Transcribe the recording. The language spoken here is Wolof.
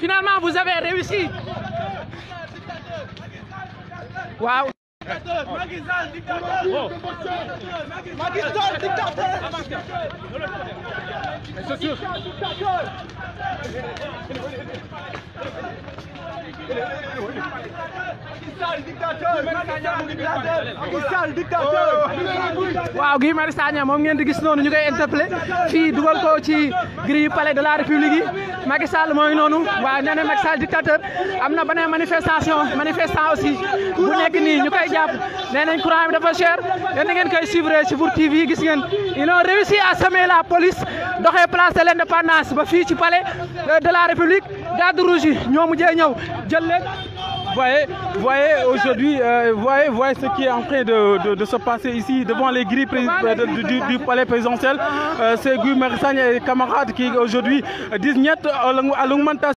Finalement, vous avez réussi Waouh Magisal Dictateur Magisal Dictateur Magisal Dictateur Magisal Dictateur Magisal Dictateur waaw Guy Marius Sagna moom ngeen di gis noonu ñu koy interpellé fii dugal ko ci grille palais de la république yi Macky Sall mooy noonu waaw nee na dictateur am na beneen manifestation manifestant aussi bu nekk nii ñu koy jàpp nee nañ courant bi dafa ngeen koy suivre ci Bour TV gis ngeen ils ont réussi à semer la police doxee place de l'indépendance ba fii ci palais de la république garde rouge yi ñoo mujjee ñëw jël leen voyez, voyez aujourd'hui, euh, voyez, voyez ce qui est en train de, se passer ici devant les grilles euh, du, palais présidentiel. Euh, c'est Guy et camarades qui aujourd'hui disent à l'augmentation.